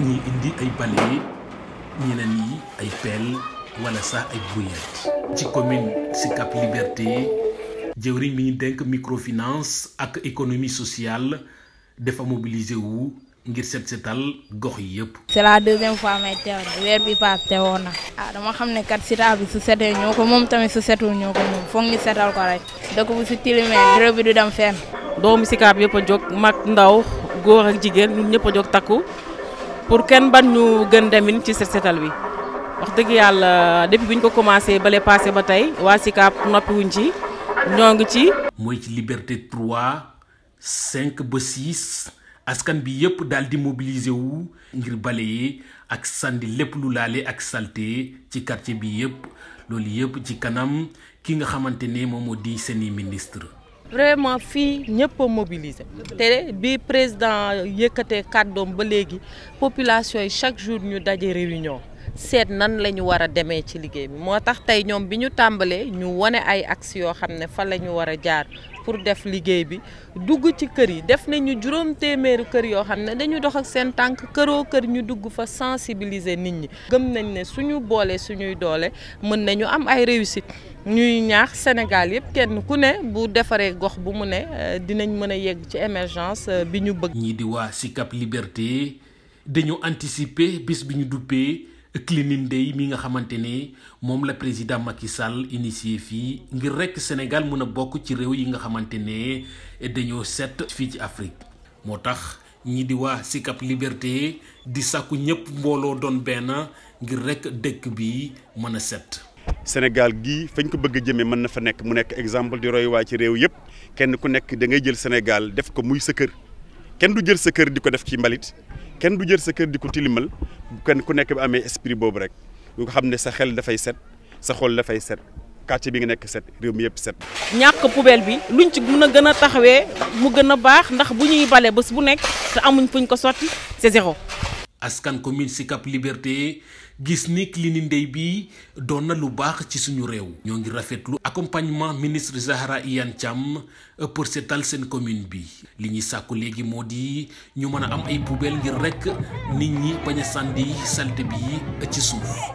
ñuy indi ay balai ñeneen yi ay pelle wala sax ay brouettes ci commune Sicap Liberté jëwriñ mi ñu dénk microfinance ak économie sociale defa mobiliser wu ngir set setal gox yi yëpp. c'est la deuxième fois may teew de bi paas teewoon na. ah dama xam kat sita bi su setee ñoko mom tamit su setul ñoko mom fo ngi ñu setal ko rek. dëkk bu su tilimee dërëb bi du dem fenn. doomu sikap yëpp a mak ndaw góor ak jigen ñun ñëpp a takku pour kenn ban ñu gën demin ci wax depuis buñ ko commencé balé passé ba tay wa sikap nopi wuñ ci ci. liberté 3 5 ba 6 askan bi yépp mobiliser wu ngir ak sandi lu ak salté ci quartier bi yépp loolu yépp ci kanam ki nga a di ministre vraiment fi ñepp a mobilisé te bi président yëkkatee kàddoom ba légui population yi chaque jour ñu dajé réunion sét nan lañu wara démé ci liggéey bi motax tay ñom ñoom bi ñu tàmbalee ñu wane ay axes yo xamné fa lañu wara jaar pour def liggéey bi dugg ci kër yi def nañu juróom téeméeri kër yoo xam ne dañu dox ak seen tànk këroo kër ñu dugg fa sensibiliser nit ñi gëm nañ ne suñu boole suñuy doole mën nañu am ay réussite ñuy ñaax Sénégal yëpp kenn ku ne bu defaree gox bu mu ne euh, dinañ mën a yegg ci émergence euh, bi ñu bëgg ñii di waa Sicap Liberté dañu anticiper bis bi ñu duppee cleaning day mi nga xamante ne moom la président Macky Sall initié fii ngir rekk Sénégal mën a bokk ci réew yi nga xamante ne dañoo set fii ci Afrique moo tax ñi di waa Sicap Liberté di sàkku ñëpp mbooloo doon benn ngir rekk dëkk bi mën a set. Sénégal gii fañ ko bëgg a jëmee mën na fa nekk mu nekk exemple di royuwaay ci réew yëpp kenn ku nekk da ngay jël Sénégal def ko muy sa kër kenn du jël sa kër di ko def ci mbalit kenn du jël sa kër di ko tilimal kenn ku nekk bi amee esprit boobu rek nga xam ne sa xel dafay set sa xol dafay set quartier bi nga nekk set réew mi yëpp set. ñàkk poubelle bi luñ ci mun a gën a taxawee mu gën a baax ndax bu ñuy bale bés bu nekk te amuñ fuñ ko sotti c'est zéro. askan commune ci Sicap Liberté gis ni clinique Ndeye bi doon na lu baax ci suñu réew. ñoo ngi rafetlu accompagnement ministre Zahra Iyane Thiam pour seetal seen commune bi li ñuy sàkku léegi moo di ñu mën a am ay poubelle ngir rekk nit ñi bañ a sànni salte bi ci suuf.